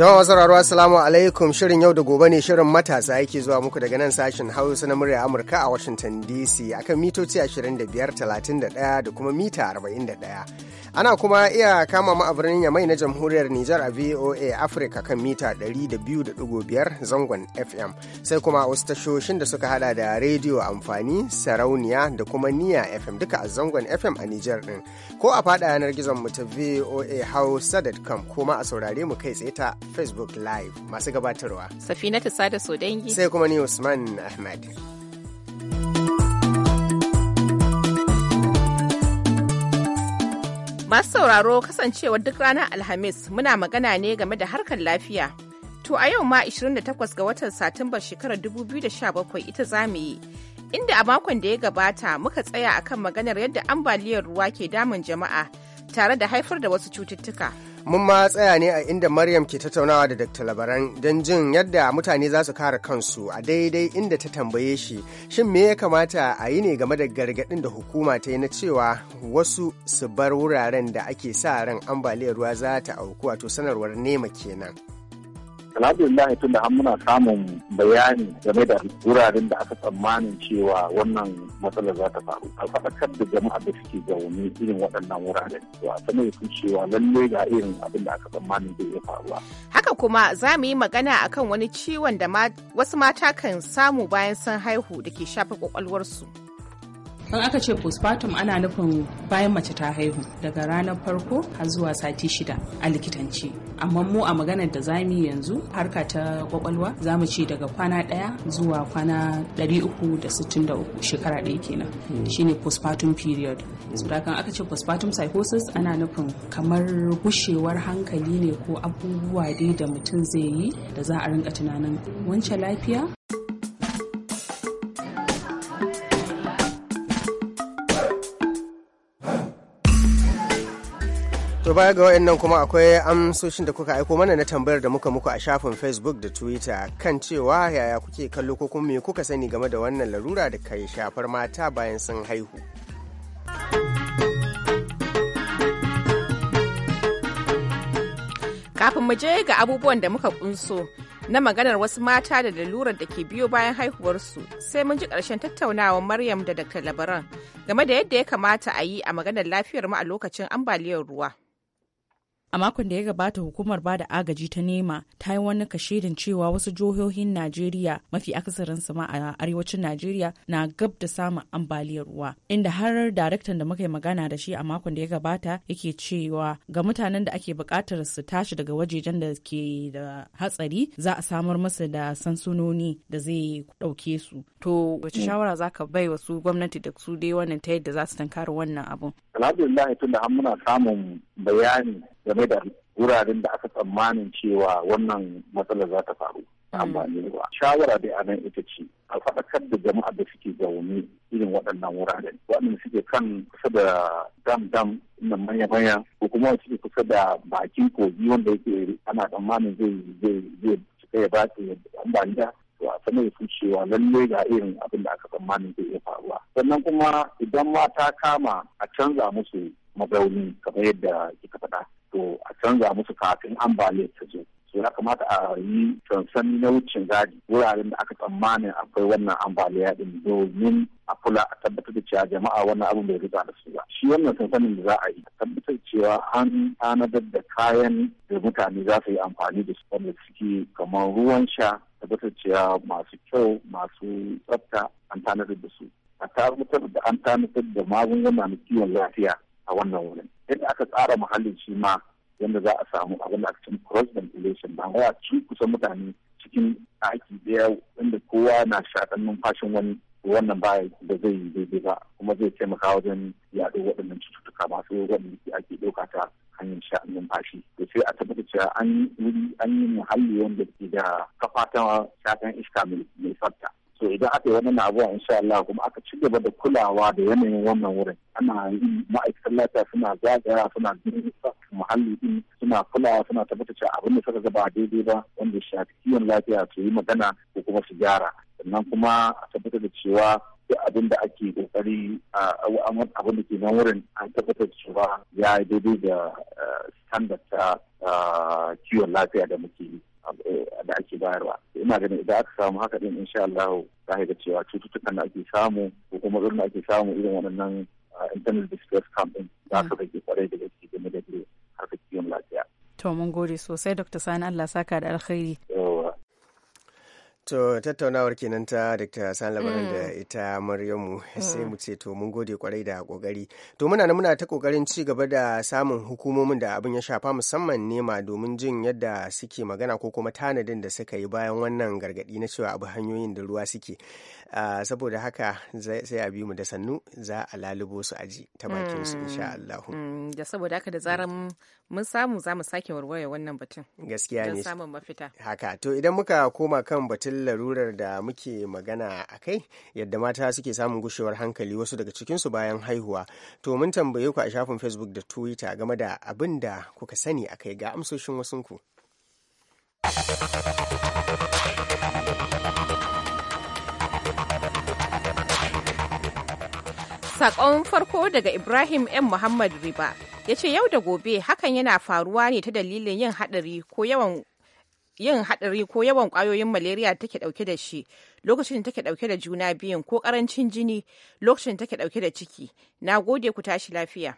Jama'a sauraro Assalamu alaikum shirin yau da gobe ne shirin matasa yake zuwa muku daga nan sashen Hausa na murya Amurka a Washington DC akan mitoci 25, 31 da kuma mita 41. ana kuma iya kama mu a birnin yamai na jamhuriyar Nijar a VOA Africa kan mita 200.5 zangon FM sai kuma wasu tashoshin da suka hada da rediyo amfani sarauniya da kuma niya FM duka a zangon FM a Nijar din ko a fada yanar gizon mu ta VOA Hausa.com kuma a saurare mu kai tsaye ta Facebook Live masu gabatarwa. safina ta Sada so dangi. Sai kuma ni Usman Ahmad. Masu sauraro kasancewar duk ranar Alhamis muna magana ne game da harkar lafiya. To a yau ma 28 ga watan Satumbar shekarar 2017 ita za mu yi. Inda a makon da ya gabata muka tsaya akan maganar yadda ambaliyar ruwa ke damun jama'a tare da haifar da wasu cututtuka. mun ma tsaya ne a inda Maryam ke tattaunawa da Dr. Labaran don jin yadda mutane za su kare kansu a daidai inda ta tambaye shi shin me ya kamata a yi ne game da gargaɗin da hukuma ta yi na cewa wasu su bar wuraren da ake sa ran ambaliyar ruwa za ta auku wato sanarwar nema kenan. alhamdulillah tun da muna samun bayani game da wuraren da aka tsammanin cewa wannan matsalar za ta faru a da jama'a da suke zaune irin waɗannan wuraren to a sanar cewa lallai ga irin abin da aka tsammanin zai iya faruwa haka kuma za mu yi magana akan wani ciwon da wasu mata kan samu bayan sun haihu da ke shafa kwakwalwarsu. su in aka ce postpartum ana nufin bayan mace ta haihu daga ranar farko har zuwa sati shida a likitanci amma mu a maganar da zamu yanzu harka ta kwakwalwa za mu ce daga kwana daya zuwa kwana 363 shekara ɗaya kenan hmm. shine postpartum period hmm. sudakan kan aka ce postpartum psychosis ana nufin kamar gushewar hankali ne ko abubuwa dai da mutum zai yi da za a rinka tunanin wancan lafiya To baya ga waɗannan kuma akwai amsoshin da kuka aiko mana na tambayar da muka muku a shafin Facebook da Twitter kan cewa yaya kuke kallo ko kuma me kuka sani game da wannan larura da kai shafar mata bayan sun haihu. Kafin mu je ga abubuwan da muka kunso na maganar wasu mata da lalurar da ke biyo bayan haihuwarsu sai mun ji ƙarshen tattaunawar Maryam da Dr. Labaran game da yadda ya kamata a yi a maganar lafiyar mu a lokacin ambaliyar ruwa. A makon da ya gabata hukumar bada agaji ta nema ta yi wani kashedin cewa wasu jihohin Najeriya mafi akasarinsu ma a arewacin Najeriya na gab da samun ambaliyar ruwa. Inda har daraktan da muka yi magana da shi a makon da ya gabata yake cewa ga mutanen da ake bukatar su tashi daga wajejen da ke da hatsari za a samar musu da sansunoni da zai dauke su. To wace shawara za ka bai wasu gwamnati da su dai wannan ta yadda za su tankara wannan abun? Alhamdulillah tunda har muna samun bayani game da wuraren da aka tsammanin cewa wannan matsalar za ta faru mm. amfani ba. Shawara da a ita ce a faɗakar da jama'a da suke zaune irin waɗannan wuraren waɗanda suke kan kusa da dam dam na manya manya ko kuma suke kusa da bakin kogi wanda yake ana tsammanin zai zai zai cika ya ba su ambaliya to a sanar da cewa lallai ga irin abin da aka tsammanin zai iya faruwa sannan kuma idan ma ta kama a canza musu mazauni kamar yadda kika faɗa to a canza musu kafin ambaliyar ta zo so ya kamata a yi sansani na wucin gadi wuraren da aka tsammani akwai wannan ambaliya din domin a kula a tabbatar da cewa jama'a wannan abin bai riga da su ba shi wannan sansanin da za a yi tabbatar cewa an tanadar da kayan da mutane za su yi amfani da su wanda suke kamar ruwan sha tabbatar cewa masu kyau masu tsafta an tanadar da su a tabbatar da an tanadar da magungunan na kiwon lafiya a wannan wurin yadda aka tsara muhallin shi ma yadda za a samu abin da aka cin cross ventilation ba waya ci kusan mutane cikin ɗaki ɗaya inda kowa na shaƙan numfashin wani wannan ba da zai yi daidai ba kuma zai taimaka wajen yaɗo waɗannan cututtuka masu waɗanda ake ɗauka ta hanyar sha numfashi da sai a tabbata cewa an yi muhalli wanda ke da kafa ta shakan iska mai tsafta idan aka yi wannan abuwa insha Allah kuma aka ci gaba da kulawa da yanayin wannan wurin ana yi ma'aikatan lafiya suna zagaya suna muhalli din suna kulawa suna tabbatar cewa abin da suka gaba daidai ba wanda ya shafi kiwon lafiya su yi magana ko kuma su gyara sannan kuma a tabbatar da cewa duk abin da ake kokari abin da ke nan wurin an tabbatar cewa ya daidai da eh, standard ta eh, kiwon lafiya da muke yi Eh, da ake bayarwa ina ganin idan aka samu haka din insha Allah za ga cewa cututtukan da ake samu ko kuma irin da ake samu irin waɗannan ah, internal distress camp din za su rage kwarai da gaske game da harkar kiwon lafiya. To mun gode sosai Dr. Sani Allah saka da alkhairi. To tattaunawar kenan ta Dr. San labarin da mm. ita Maryamu mm. sai mu ce to mun gode kwarai da kokari. To muna nan muna ta kokarin ci gaba da samun hukumomin da abin ya shafa musamman nema domin jin yadda suke magana ko kuma tanadin da suka yi bayan wannan gargadi na cewa abu hanyoyin da ruwa suke. Ah, saboda haka sai a bi mu da sannu za a lalubo su aji ta bakin su insha mm. Allah. Da saboda haka da zaran mun samu za mu sake warware wannan batun. Gaskiya ne. Don samun mafita. Haka to idan muka koma kan batun larurar da muke magana a kai yadda mata suke samun gushewar hankali wasu daga cikinsu bayan haihuwa to mun tambaye ku a shafin facebook da twitter game da abin da kuka sani a kai ga amsoshin wasunku Sakon farko daga Ibrahim M. Muhammad Riba ya ce yau da gobe hakan yana faruwa ne ta dalilin yin haɗari ko yawan yin haɗari ko yawan ƙwayoyin malaria take ɗauke da shi lokacin da take ɗauke da juna biyun ko ƙarancin jini lokacin da take ɗauke da ciki na gode ku tashi lafiya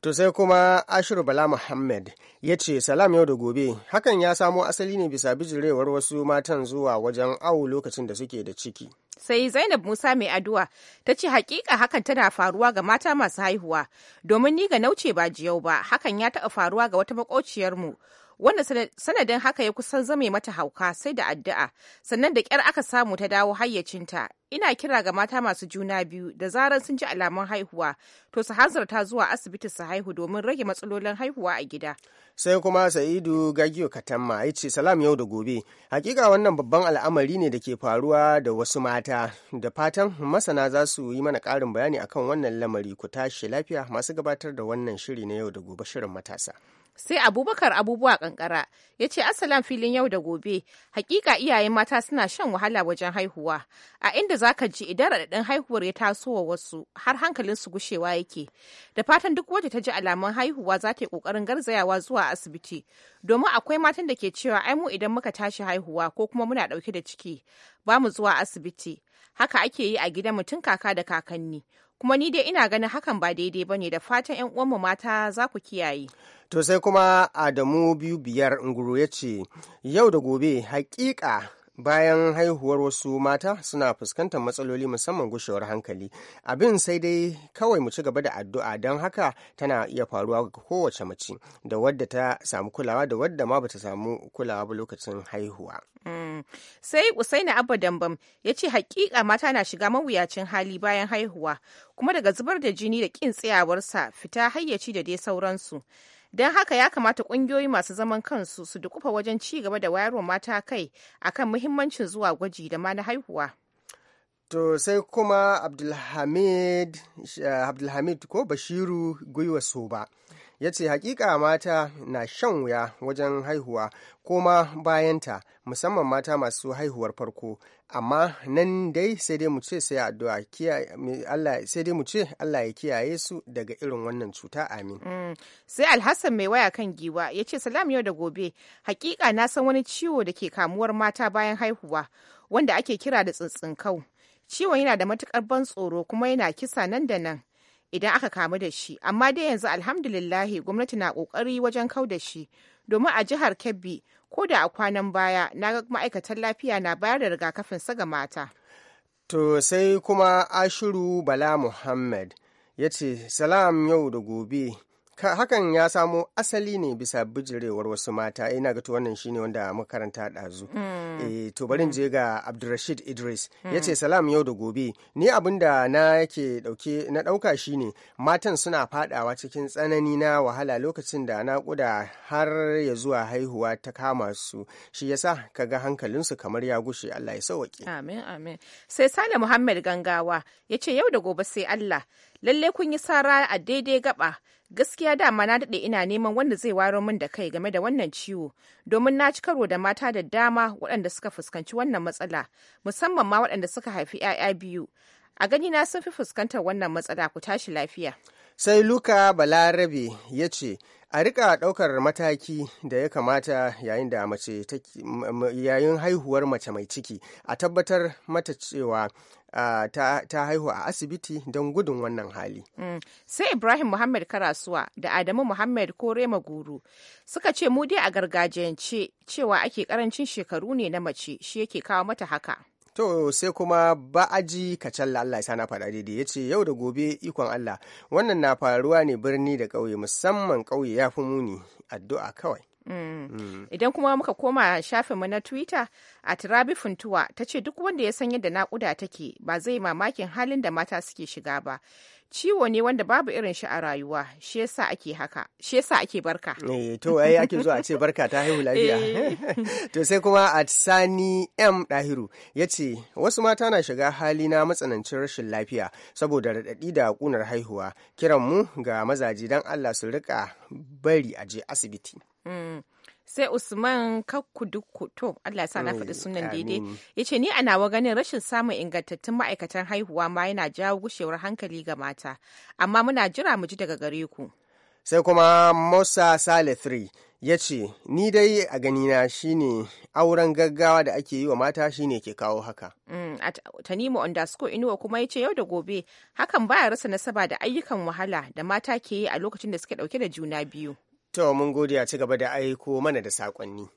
to sai kuma ashiru bala muhammad ya ce salam yau da gobe hakan ya samo asali ne bisa bijirewar wasu matan zuwa wajen awo lokacin da suke da ciki sai zainab musa mai addu'a ta ce hakika hakan tana faruwa ga mata masu haihuwa domin ni ga nauce ba jiyau ba hakan ya taɓa faruwa ga wata maƙociyarmu wanda sanadin haka ya kusan zame mata hauka sai da addu'a sannan da kyar aka samu ta dawo hayyacinta ina kira ga mata masu juna biyu da zarar sun ji alamun haihuwa to su hanzarta zuwa asibiti su haihu domin rage matsalolin haihuwa a gida sai kuma sa'idu gagiyo katamma ya ce salam yau da gobe hakika wannan babban al'amari ne da ke faruwa da wasu mata da fatan masana za su yi mana karin bayani akan wannan lamari ku tashi lafiya masu gabatar da wannan shiri na yau da gobe shirin matasa sai abubakar abubuwa kankara ya ce asalan filin yau da gobe hakika iyaye mata suna shan wahala wajen haihuwa a inda zaka ji idan raɗaɗin haihuwar ya taso wa wasu har hankalin su gushewa yake da fatan duk wacce ta ji alamun haihuwa za ta yi ƙoƙarin garzayawa zuwa asibiti domin akwai matan da ke cewa ai mu idan muka tashi haihuwa ko kuma muna ɗauke da ciki ba mu zuwa asibiti haka ake yi a gidan mutum kaka da kakanni kuma ni dai ina ganin hakan ba daidai bane da fatan 'yan uwanmu mata za ku kiyaye to sai kuma adamu biyu biyar nguru ya ce yau da gobe hakika bayan haihuwar wasu mata suna fuskantar matsaloli musamman gushewar hankali abin sai dai kawai mu ci gaba da addu'a don haka tana iya faruwa ga kowace mace da wadda ta samu kulawa da wadda ma bata samu kulawa ba lokacin haihuwa mm. sai usaina abba dambam ya ce hakika mata na shiga mawuyacin hali bayan haihuwa kuma daga zubar da jini da kin tsayawarsa fita hayyaci da dai sauransu don haka ya kamata kungiyoyi masu zaman kansu su dukufa wajen ci gaba da wayarwa mata kai akan muhimmancin zuwa gwaji da ma na haihuwa to sai kuma abdulhamid eh, ko bashiru gwiwa soba ya ce hakika mata na shan wuya wajen haihuwa ko ma bayanta musamman mata masu haihuwar farko amma nan dai sai dai mu ce sai addu'a sai dai mu ce Allah ya kiyaye su daga irin wannan cuta amin mm. sai alhassan mai waya kan giwa ya ce salam yau da gobe hakika na san wani ciwo da ke kamuwar mata bayan haihuwa wanda ake kira da tsintsin kau ciwon yana da matukar ban tsoro kuma yana kisa nan da nan idan aka kamu da shi amma dai yanzu alhamdulillahi gwamnati na kokari wajen kau da shi domin a jihar kebbi ko da a kwanan baya na ga ma'aikatan lafiya na bayar da rigakafin saga mata to sai kuma ashiru bala muhammad ya ce salam yau da gobe hakan ya samo asali ne bisa bijirewar wasu mata eh, ina ga to wannan shine wanda makaranta ɗazu e, to barin hmm. je ga abdurrashid idris ya hmm. ce salam yau da gobe ni abin da na yake dauke na ɗauka shine matan suna fadawa cikin tsanani na wahala lokacin da na kuda har ya zuwa haihuwa ta kama su shi yasa kaga hankalinsu kamar ya gushe allah ya sauwaƙe amin amin sai sale muhammad gangawa yace yau da gobe sai allah lalle kun yi sara a daidai gaba gaskiya dama na daɗe ina neman wanda zai waro min da kai game da wannan ciwo domin na ci karo da mata da dama waɗanda suka fuskanci wannan matsala musamman ma waɗanda suka haifi 'ya'ya biyu a gani na sun fi fuskantar wannan matsala ku tashi lafiya sai luka balarabe ya ce a rika ɗaukar mataki da ya kamata yayin da mace yayin haihuwar mace mai ciki a tabbatar mata cewa Uh, ta, haihu a asibiti don gudun wannan hali. Mm. Sai Ibrahim Muhammad Karasuwa da Adamu Muhammad Rema Guru suka ce mu dai a gargajiyance cewa ake karancin shekaru ne na mace shi yake kawo mata haka. To sai kuma ba'aji kacalla Allah ya sana faɗa daidai ya ce yau da gobe ikon Allah wannan na faruwa ne birni da ƙauye musamman ƙauye ya fi muni addu'a kawai. Mm. Mm. Idan kuma muka koma shafinmu na Twitter, a Turabi Funtuwa ta ce duk wanda ya san yadda naƙuda take ba zai mamakin halin da mata suke shiga ba. Ciwo ne wanda babu irin shi a rayuwa, shi yasa ake haka, shi yasa ake barka. Eh, to ai ake zuwa a ce barka ta haihu lafiya. Eh. to sai kuma a Sani M Dahiru ya ce wasu mata na shiga hali na matsanancin rashin lafiya saboda raɗaɗi da ƙunar haihuwa. Kiran mu ga mazaje don Allah su rika bari a je asibiti. Mm. sai usman kakudukuto to allah sa na mm, faɗi sunan daidai ya ce ni a nawa ganin rashin samun ingantattun ma'aikatan haihuwa ma yana jawo gushewar hankali ga mata amma muna jira mu ji daga gare ku sai kuma musa sale 3 ya ce ni dai a ganina shine auren gaggawa da ake yi wa mata shine ke kawo haka mm, A tanimu underscore inuwa kuma ya ce yau da gobe hakan baya rasa nasaba da ayyukan wahala da mata ke yi a lokacin da suke dauke da juna biyu To mun gode a ci gaba da aiko mana da sakonni.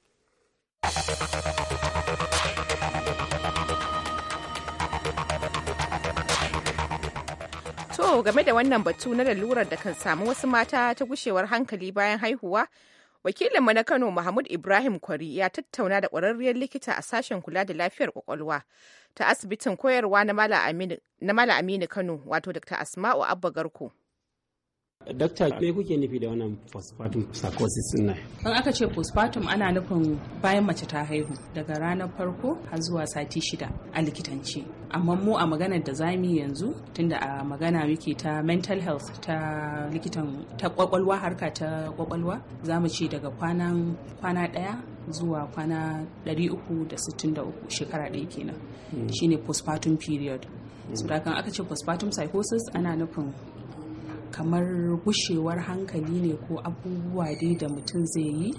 To game da wannan batu na lalurar da kan samu wasu mata ta gushewar hankali bayan haihuwa, wakilinmu na Kano Mahmud Ibrahim Kwari ya tattauna da ƙwararriyar likita a sashen kula da lafiyar kwakwalwa ta asibitin koyarwa na Mala Aminu Kano wato Dr. Asma'u Abba Garko. Dakta me kuke nufi da wannan postpartum psychosis din nan? Kan aka ce postpartum ana nufin bayan mace ta haihu daga ranar farko har zuwa sati shida a likitance Amma mu a maganar da zamu yanzu tunda a magana muke ta mental health ta likitan ta kwakwalwa harka ta kwakwalwa zamu ce daga kwanan kwana daya zuwa kwana 363 shekara ɗaya kenan hmm. shine postpartum period. Hmm. Sudakan kan aka ce postpartum psychosis ana nufin kamar gushewar hankali ne ko abubuwa dai da mutum zai yi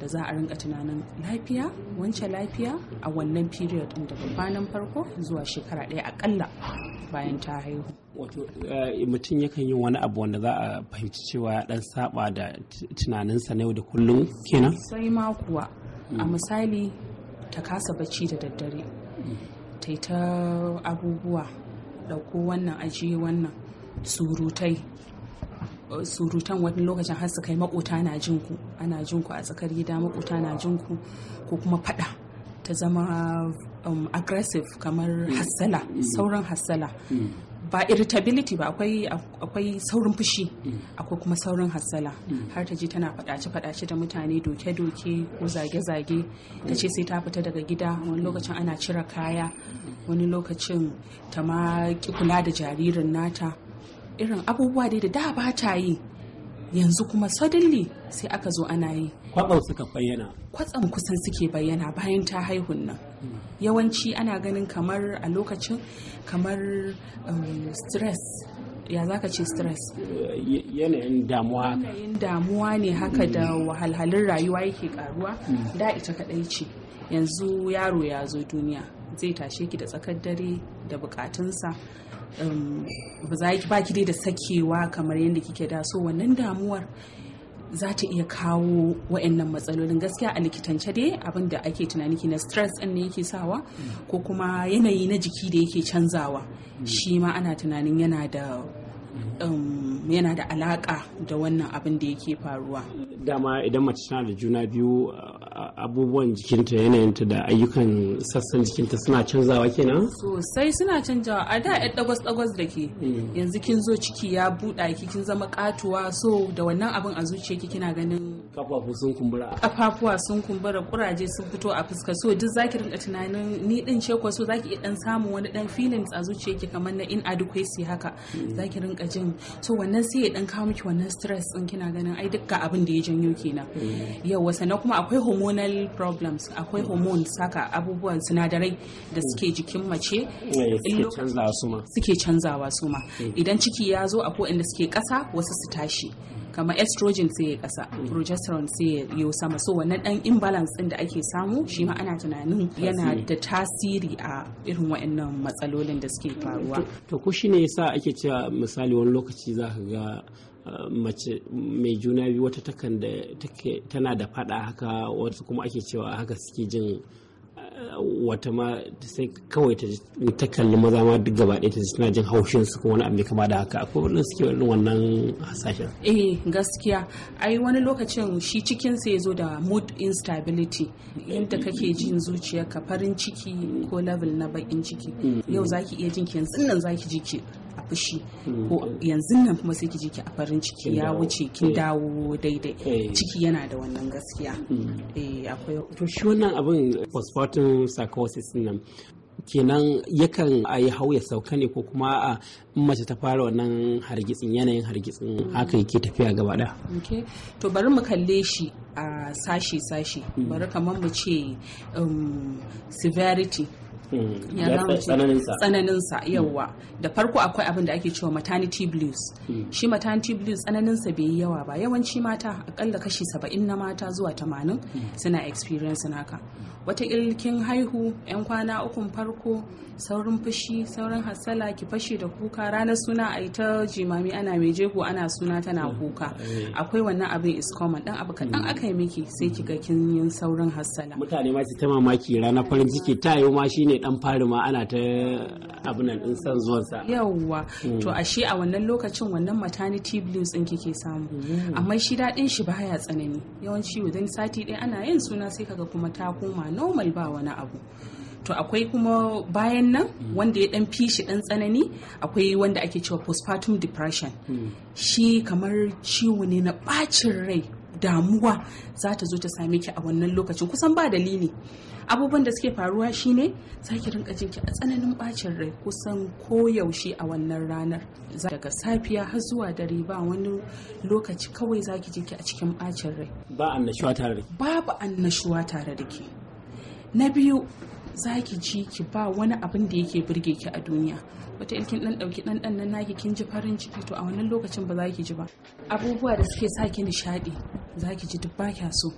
da za a rinka tunanin lafiya wance lafiya a wannan period din daga kwanan farko zuwa shekara ɗaya akalla bayan ta haihu wato eh, mutum yakan yi wani abu wanda za a fahimci cewa ya dan saba da tunaninsa na yau da kullum kenan sai ma kuwa a mm. misali ta kasa bacci da daddare mm. ta ta abubuwa dauko wannan ajiye wannan surutai uh, surutan wani lokacin har su kai makota na jinku ana jinku a tsakar gida makota na jinku ko kuma fada ta zama um, aggressive kamar mm. hassala mm. sauran hassala mm. ba irritability ba akwai saurin fushi akwai kuma saurin hassala har ta ji tana fadace fadace da mutane doke-doke ko zage-zage ta ce sai ta fita daga gida wani lokacin ana cire kaya wani lokacin ta ma kula da jaririn nata irin abubuwa dai da da ba ta yi yanzu kuma suddenly sai aka zo ana yi kwatsam suka bayyana kwatsam kusan suke bayyana bayan ta haihun nan hmm. yawanci ana ganin kamar a lokacin kamar um, stress ya zaka ce stress eh, yanayin damuwa yanayin damuwa ne haka da hmm. wahalhalun rayuwa yake karuwa hmm. da ita kadai ce yanzu yaro ya zo duniya zai tashe ki da tsakar dare da bukatunsa Um, ba za ki dai da sakewa kamar yadda kike da so wannan damuwar za ta iya kawo wa'annan matsalolin gaskiya a likitance dai abin da ake tunani na stress din ne yake sawa ko kuma yanayi na jiki da yake canzawa mm. shi ma ana tunanin yana da Um, yana da alaka da wannan abin da yake faruwa dama idan mace tana da juna biyu abubuwan jikinta yanayinta da ayyukan sassan jikinta suna canzawa kenan sosai suna canzawa a da yan dagwas dagwas da ke hmm. yanzu kin zo ciki ya buɗa ki kin zama katuwa so da wannan abin a zuciyarki kina ganin kafafu sun kumbura kafafuwa sun kumbura kuraje sun fito a fuska so duk zaki rinka tunanin ni din ce ko so zaki iya dan samun wani dan feelings a zuciyarki kamar na in inadequacy haka hmm. zaki rinka jin so wannan sai ya dan kawo miki wannan stress din kina ganin ai dukka abin da ya janyo kenan mm. yawa sannan kuma akwai hormonal problems akwai hormones saka abubuwan sinadarai da suke mm. jikin mace eh, suke canzawa suma mm. idan ciki ya zo akwai inda suke kasa wasu su tashi kamar estrogen sai ya kasa mm. progesterone sai ya yi sama so wannan dan imbalance din da ake samu shi ma ana tunanin yana da tasiri a irin waɗannan matsalolin da suke faruwa to ko shine yasa ake cewa misali wani lokaci za ka ga uh, mace mai juna biyu wata takan da tana da fada haka wasu kuma ake cewa haka suke jin wata ma sai kawai ta kalli maza ma duk gaba ɗaya ta suna jin haushin su ko wani abu kama da haka akwai wani suke wani wannan hasashen eh gaskiya ai wani lokacin shi cikin sa ya zo da mood instability yadda kake jin zuciyarka farin ciki ko level na bakin ciki mm. yau zaki iya jin ki yanzu nan zaki ji ki a fushi mm. ko yanzu nan kuma sai ki je ki a farin ciki ya wuce kin mm. dawo daidai eh. ciki yana da wannan gaskiya mm. eh akwai to shi wannan abin postpartum psychosis nan kenan yakan a yi hau ya sauka ne ko kuma a mace ta fara wannan hargitsin yanayin hargitsin haka yake tafiya gaba da. to bari mu kalle shi a sashe-sashe bari kamar mu ce um, severity sa hmm. yawa hmm. da farko akwai abin da ake cewa maternity blues hmm. shi maternity blues sa bai yi yawa ba yawanci mata akalla kashi saba'in na mata zuwa tamanin suna experience naka wata ilkin haihu yan kwana ukun farko saurin fushi saurin hassala ki fashe da kuka ranar suna a ita jimami ana mai jego ana suna tana kuka eh. akwai wannan abin is common dan abu kaɗan aka yi miki sai ki ga kin yin saurin hassala mutane ma su ta mamaki ranar farin ciki ta yi ma shine kawai dan fari ma ana ta nan din san zuwansa yawwa mm. to ashe a wannan lokacin wannan maternity blues din kike samu mm. amma shi daɗin shi baya tsanani yawanci wajen sati ɗaya ana yin suna sai kaga kuma ta koma normal ba wani abu to akwai kuma bayan nan mm. wanda ya dan shi dan tsanani akwai wanda ake cewa postpartum depression shi kamar ciwo ne na bacin rai damuwa za ta zo ta same ki a wannan lokacin kusan ba dalili abubuwan da suke faruwa shine za ki rinka jin ki a tsananin bacin rai kusan koyaushe a wannan ranar daga safiya har zuwa dare ba wani lokaci kawai za ki ki a cikin bacin rai ba annashuwa tare da babu annashuwa tare da ke na biyu za ki ji ki ba wani abin da yake burge ki a duniya wata ilkin dan dauki dan dan nan naki kin ji farin ciki to a wannan lokacin ba za ki ji ba abubuwa da suke sa ki nishadi za ki ji duk ba kya so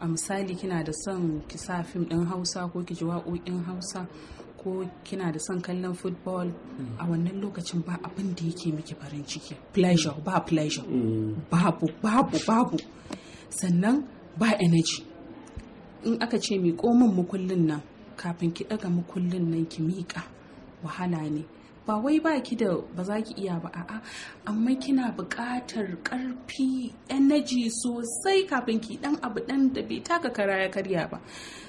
a misali kina da son ki sa fim ɗin hausa ko ki ji waƙoƙin hausa ko kina da son kallon football a wannan lokacin ba abin da yake miki farin ciki pleasure ba pleasure babu babu babu sannan ba energy in aka ce mi komin mukullin nan kafin ki daga mukullin nan ki miƙa wahala ne ba wai ba ki da ba za ki iya ba a'a amma kina buƙatar ƙarfi energy sosai kafin ki dan abu dan da bai taka kara ya karya ba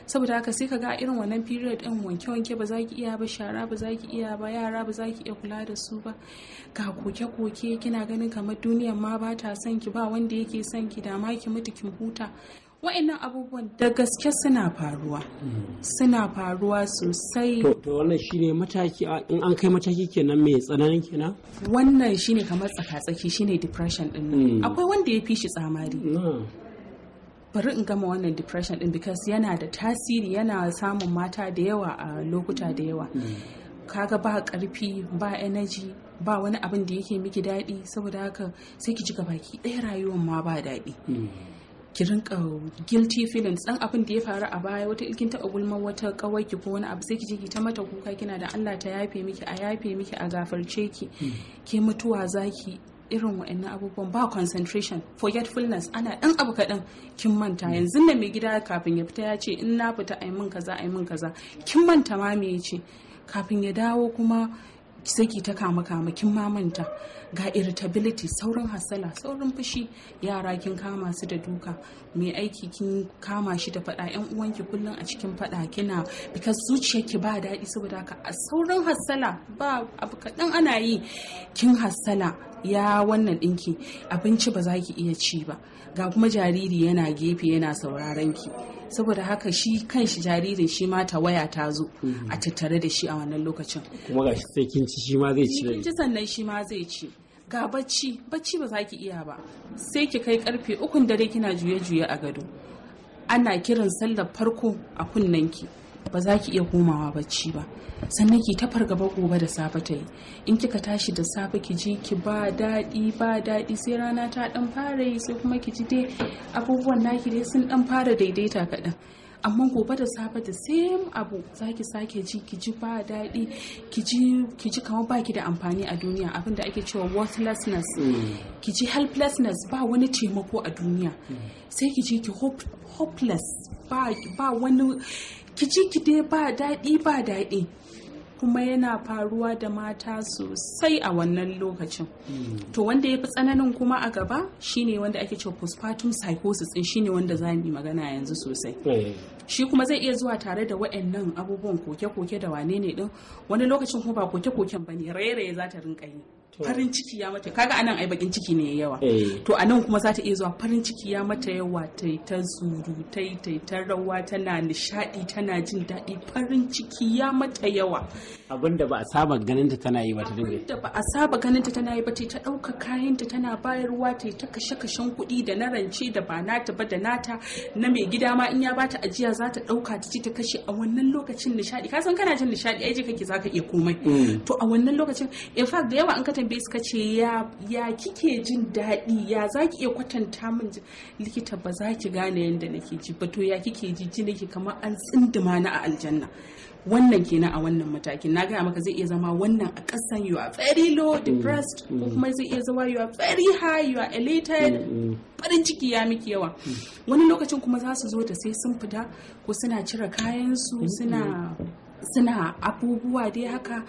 saboda haka sai ka ga irin wannan period din wanke-wanke ba za ki iya ba shara ba za ki iya ba yara ba za ki iya kula da su ba ga koke-koke kina ganin kamar duniyar ma ba ta son ki ba wanda yake son ki da ma ki mutu kin huta wa'annan abubuwan da gaske suna faruwa suna faruwa sosai to wannan shine mataki in an kai mataki kenan mai tsananin kenan wannan shine kamar tsaka-tsaki shine depression din nan hmm. akwai wanda ya fi shi tsamari bari in gama wannan depression din because yana da tasiri yana samun mata da yawa a lokuta da yawa hmm. kaga ba karfi ba energy ba wani abin da yake miki daɗi saboda haka sai ki ji gaba ki, ɗaya rayuwar ma ba daɗi hmm. ki rinka guilty feelings dan abin da ya faru a baya wata ilkin taba gulman wata kawai ki ko wani abu sai ki je ki ta mata kuka kina da Allah ta yafe miki a yafe miki a gafarce ki hmm. ke mutuwa zaki irin wa'annan abubuwan ba concentration forgetfulness ana dan abu kaɗan kin manta hmm. yanzu nan mai gida kafin ya fita ya ce in na fita a min kaza a min kaza kin manta ma me ce kafin ya dawo kuma sai ki ta kama kama kin mamanta ga irritability saurin hasala saurin fushi yara kin kama su da duka mai aiki kin kama shi da fada yan uwanki kullum a cikin fada kina because zuciya ki ba daɗi saboda haka a saurin hasala ba abu kaɗan ana yi kin hasala ya wannan ɗinki abinci ba za ki iya ci ba ga kuma jariri yana gefe yana sauraron ki saboda haka shi kan shi jaririn shi ma ta waya ta zo a mhm. tattare da shi a wannan lokacin kuma ga sai kin ci shi ma zai ci kin ci sannan shi ma zai ci ga bacci bacci ba za ki iya ba sai ki kai karfe ukun dare kina juye juye a gado ana kiran sallar farko a kunnen ki ba za ki iya komawa bacci ba sannan ki ta fargaba gobe da safe ta yi in kika tashi da safe ki ji ki ba daɗi ba daɗi sai rana ta ɗan fara yi sai kuma ki ji dai abubuwan naki dai sun ɗan fara daidaita kaɗan amma gobe da safe da same abu za ki sake ji ki ji ba daɗi ki ji kamar baki da amfani a duniya abin da ake cewa worthlessness mm. ki ji helplessness ba wani taimako a duniya mm. sai ki ji ki hope hopeless ba, ba wani kicikide ba daɗi ba daɗi kuma yana faruwa da mata sosai a wannan lokacin hmm. to wanda ya fi tsananin kuma a gaba shine wanda ake cewa postpartum psychosis din shine wanda za mu magana yanzu sosai eh. shi kuma zai iya zuwa tare da waɗannan abubuwan koke-koke da wane ne din wani lokacin kuma ba koke-koken ba ne raye-raye za ta rinka yi farin ciki ya mata kaga anan ai bakin ciki ne yawa eh. to anan kuma za ta iya zuwa farin ciki ya mata yawa ta ta zuru ta ta ta rawa tana nishadi tana jin daɗi farin ciki ya mata yawa abinda ba a saba ganin ta tana yi ba ta dinga abinda ba a saba ganin ta tana yi ba ta ta dauka kayan ta tana bayarwa ta ta kashe kashen kuɗi da na rance da ba nata ba da nata na mai gida ma in ya bata ajiya za ta dauka ta ci ta kashe a wannan lokacin nishadi ka san kana jin nishadi ai je kake zaka iya komai mm. to a wannan lokacin in fact da yawa an ka tambaye suka ce ya kike jin daɗi ya za ki iya kwatanta min likita ba za ki gane yadda nake ji ba to ya kike ji ji nake kamar an tsindima na a aljanna wannan kenan a wannan matakin na gaya maka zai iya zama wannan a kasan you are very low mm, depressed ko mm. kuma zai iya zama you are very high you are elated mm, farin ciki ya miki yawa wani lokacin kuma za su zo da sai sun fita ko suna cire kayan su suna suna abubuwa dai haka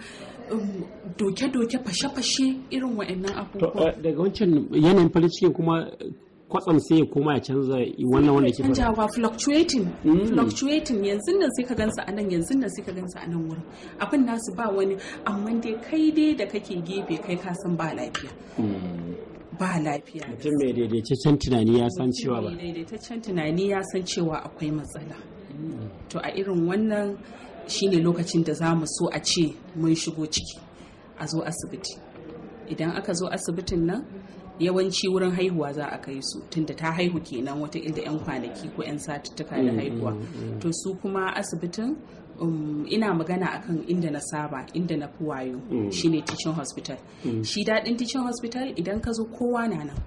Um, doke-doke fashe-fashe irin wa'annan abubuwa eh, daga wancan yanayin farin kuma eh, kwatsam sai ya koma ya canza wannan wanda ke Ba fluctuating hmm. fluctuating yanzu nan sai ka gansa anan yanzu nan sai ka gansa anan wurin abin nasu ba wani amma dai kai dai da kake gefe kai ka san ba lafiya hmm. ba lafiya mutum mai daidaitaccen tunani ya san cewa ba mai daidaitaccen tunani ya san cewa akwai matsala hmm. to a irin wannan shine lokacin da za mu so a ce mun shigo ciki a zo asibiti idan aka zo asibitin nan yawanci wurin haihuwa za a kai su tunda ta haihu kenan wata inda 'yan kwanaki ko 'yan satuttuka da mm, haihuwa mm, mm. to su kuma asibitin um, ina magana akan inda na saba inda na fi wayo mm. shine teaching hospital shi daɗin teaching hospital idan ka zo kowa na nan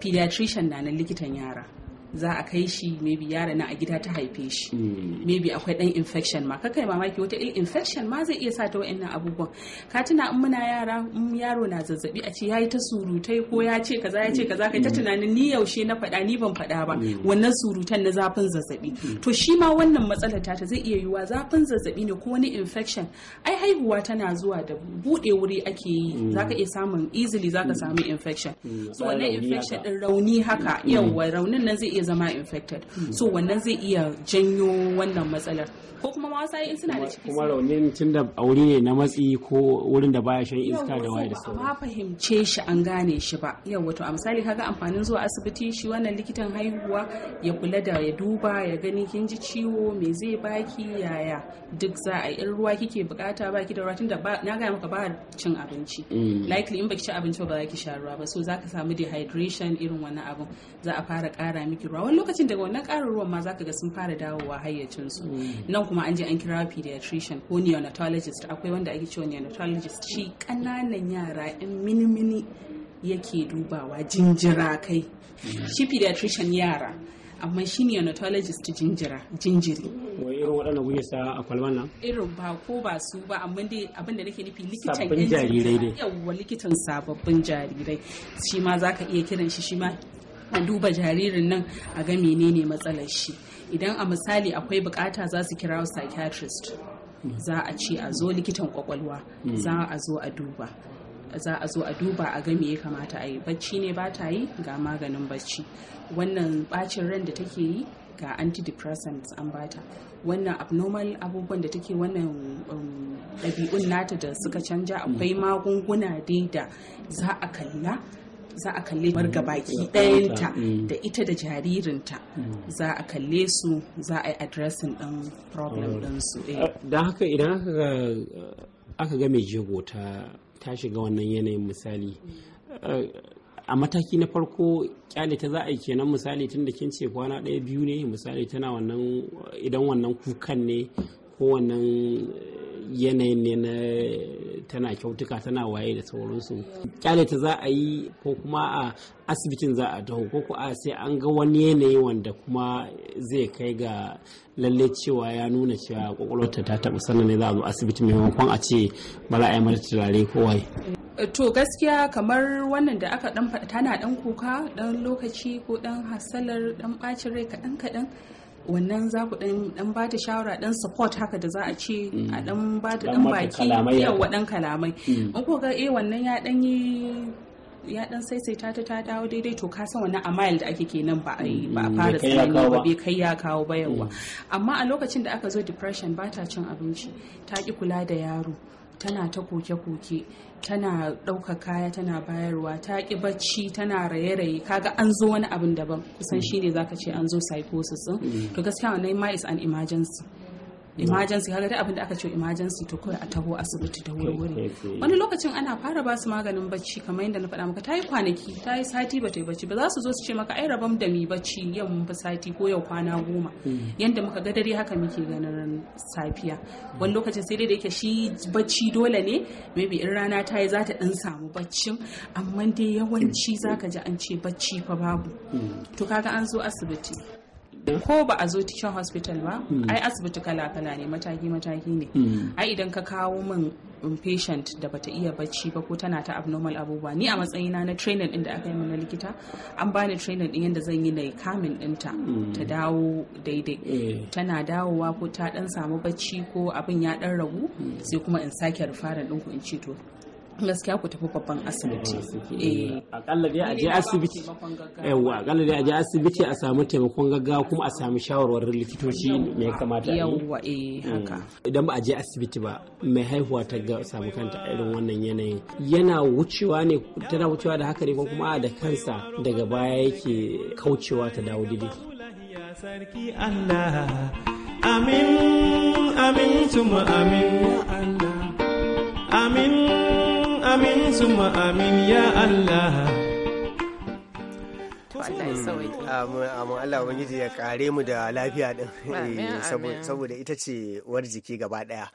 pediatrician na nan likitan yara za a kai shi maybe yara nan a gida ta haife shi hmm. maybe akwai dan infection ma kakai mamaki wata il infection ma zai iya sa ta abubuwan ka tuna in muna yara in yaro na zazzabi a ce yayi ta surutai ko ya ce kaza ya ce kaza kai ta hmm. tunanin ni yaushe na faɗa ni ban faɗa ba hmm. wannan surutan na zafin zazzabi to shi ma wannan matsalar ta zai iya yiwa zafin zazzabi ne ko wani infection ai haihuwa tana zuwa da bude wuri ake yi zaka iya samun easily zaka samu infection so wannan infection din rauni haka yauwa raunin nan zai iya zama infected hmm. so wannan zai iya janyo wannan matsalar ko kuma ma wasu suna da ciki kuma raunin tun da aure ne na matsi ko wurin da baya shan iska da waye da sauran ba fahimce shi an gane shi ba yau wato a misali kaga amfanin zuwa asibiti shi wannan likitan haihuwa ya kula da ya duba ya gani kin ji ciwo me zai baki yaya duk za a yi ruwa kike bukata baki da ruwa tunda na gaya maka ba cin abinci hmm. likely in baki ci abinci ba za ki sha ruwa ba so zaka samu dehydration irin wannan abun za a fara kara miki ruwa wani lokacin daga wannan ƙarin ruwan ma zaka ga sun fara dawowa hayyacin su mm. nan kuma an je an kira pediatrician ko neonatologist akwai wanda ake cewa neonatologist shi ƙananan yara in mini-mini yake dubawa jinjira kai mm. shi pediatrician yara amma shi neonatologist jinjira jinjiri wai irin waɗannan kuke sa a kwalban nan irin ba ko ba su ba amma dai abin da nake nufi likitan sabbin jarirai ne yawwa likitan sababbin jarirai shi ma zaka iya kiran shi shi ma a duba jaririn nan a ga menene matsalar shi idan a misali akwai bukata za su kira psychiatrist za a ce a zo likitan kwakwalwa za a zo a duba za a zo a duba a ga me ya kamata a yi bacci ne ba ta yi ga maganin bacci wannan bacin ran da take yi ga antidepressants an bata wannan abnormal abubuwan da take wannan um, ɗabi'un nata da suka canja akwai magunguna dai da za a kalla za a kalle marga baki ɗayanta mm. da ita da jaririnta mm. za a kalle su za a yi addressing ɗin problem mm. ɗinsu. Eh. Eh, don haka idan aka ga mai jego ta shiga wannan yanayin misali eh, a mataki na farko kyale ta za a yi kenan misali tun da kin ce kwana ɗaya biyu ne misali tana wannan idan wannan kukan ne kowannan eh, yanayin ne na tana kyautuka tana waye da sauransu kyale ta za a yi ko kuma a asibitin za a taho ko kuma sai an ga wani yanayi wanda kuma zai kai ga lalle cewa ya nuna cewa kwakwalwarta ta taɓa sannan ne za a zo asibiti maimakon a ce ba za a yi mata turare ko waye to gaskiya kamar wannan da aka dan tana dan kuka dan lokaci ko dan hasalar dan bacin rai kaɗan kaɗan wannan za ku dan ba ta shawara dan support haka da za a ce mm. a dan ba ta dan baki yawa dan kalamai mm. in ko ga eh wannan ya dan yi ya dan saisaita ta ta dawo daidai to ka san wani mile da ake kenan ba ba a mm. fara tsayawa ba bai kai ya kawo ba yawa amma a lokacin da aka zo depression ba ta cin abinci ta ki kula da yaro tana ta koke-koke tana ɗauka kaya tana bayarwa ta ƙi bacci tana raye-raye kaga an zo wani abin daban kusan shi mm. shine zaka ce an zo psychosis mm. to gaskiya wannan ma is an emergency emergency kaga dai abin da aka ce emergency to kawai a taho asibiti da wuri wuri wani lokacin ana fara ba su maganin bacci kamar yadda na faɗa maka tayi kwanaki tayi sati ba ta yi bacci ba za su zo su ce maka ai rabam da mi bacci yau mun fi sati ko yau kwana goma mm. yadda muka ga dare haka muke ganin safiya wani lokacin sai dai da yake shi bacci dole ne maybe in rana tayi yi za ta dan samu baccin amma dai yawanci zaka ji an ce bacci fa babu mm. to kaga an zo asibiti ko ba a zo cikin hospital ba hmm. ai asibiti kala-kala ne mataki-mataki ne hmm. ai idan ka kawo min um, patient da bata iya bacci ba ko tana ta abnormal abubuwa ni a matsayina na training din da aka yi mana likita an bani training din yadda zan yi na kamin dinta hmm. ta dawo daidai eh. tana dawowa ko ta dan samu bacci ko abin ya dan ragu sai kuma in sake rufaran din ku in ce to gaskiya ku tafi babban asibiti akalla eh. dai a je asibiti yawa akalla dai a je asibiti a samu taimakon gaggawa kuma a samu shawarwarin likitoci me ya kamata yawa eh mm. haka idan ba a je asibiti ba mai haihuwa ta ga samu kanta irin wannan yanayin yana wucewa ne tana wucewa da haka ne ko kuma da kansa daga baya yake kaucewa ta dawo daidai sarki Allah amin amin tuma amin ya Allah amin amin suma amin ya Allah Allah Ubangiji ya kare mu da lafiya din eh, saboda ita ce war jiki gaba daya.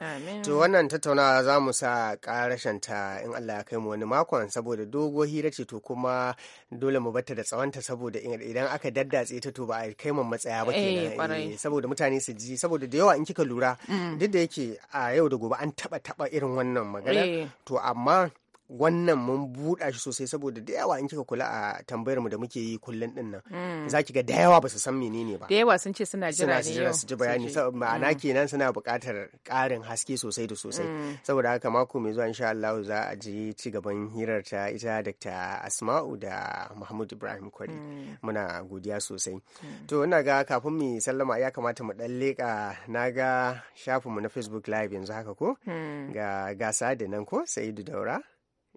To wannan tattaunawa za mu sa karashen ta in Allah ya kai mu wani makon saboda dogo hira ce to kuma dole mu batta da tsawonta saboda idan aka daddatse ta to ba a kai mun matsaya ba eh, eh, saboda mutane su ji saboda da yawa in kika lura mm. duk da yake a yau da gobe an taba taba irin wannan magana to amma wannan mun buɗa shi sosai saboda da yawa in kika kula a tambayar mu da muke yi kullum din nan mm. za ki ga da yawa ba su san menene ba da yawa sun ce suna jira ne yau su ji bayani ma'ana mm. kenan suna buƙatar ƙarin haske sosai da sosai mm. saboda haka mako mai zuwa insha Allah za a je ci gaban hirar ta ita Dr. Asma'u da Muhammad Ibrahim Kwari muna godiya sosai to ina ga kafin mu sallama ya kamata mu dan leƙa na ga shafinmu na Facebook live yanzu haka ko ga gasa da nan ko Sa'idu Daura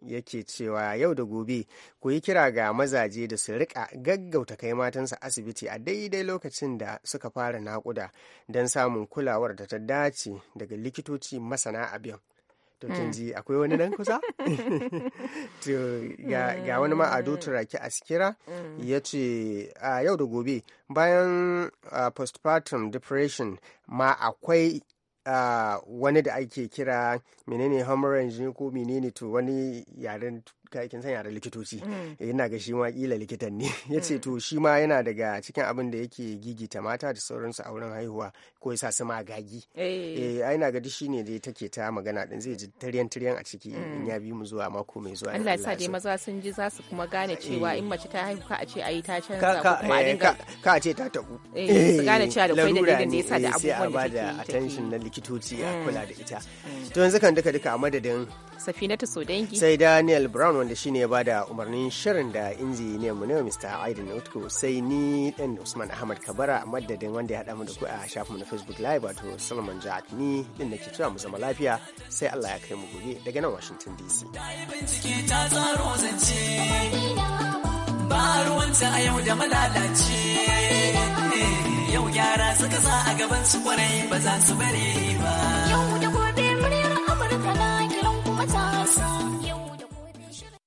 yake cewa yau da gobe ku yi kira ga mazaje da su rika gaggauta kai matansa asibiti a daidai lokacin da suka fara nakuda don samun kulawar da ta dace daga likitoci masana abin to hmm. kin ji akwai wani nan kusa to ga, wani ma hmm. turaki a sikira hmm. ya ce a yau da gobe bayan postpartum depression ma akwai wani da ake kira menene homerange ko menene to wani yaren kayakin sanya da likitoci yana mm. eh, ga shi ma kila likitan ne ya ce mm. to shi ma yana daga cikin abin da yake gigita mata da sauransu a wurin haihuwa ko ya sa su magagi eh, eh ina ga shi ne dai take ta magana din zai ji taryan taryan a ciki in mm. ya bi mu zuwa mako mai zuwa Allah ya sa dai maza sun ji za su kuma gane eh. cewa in mace ta haihu ka a ce ayi ta canza ko kuma a dinga ka a ce ta tabu eh su gane cewa da kai da da yasa da abubuwan da take a bada attention na likitoci a kula da ita to yanzu kan duka duka a madadin Safinatu Sodangi. Sai Daniel Brown wanda shine ya bada umarnin shirin da injiniyan mu ne Mr. aidan Utku sai ni dan Usman Ahmad Kabara madadin wanda ya hada mu da ku a shafin na Facebook Live wato Salman Jack ni din nake cewa mu zama lafiya sai Allah ya kai mu gobe daga nan Washington DC. yau gyara suka sa a gaban su kwarai ba za su bari ba.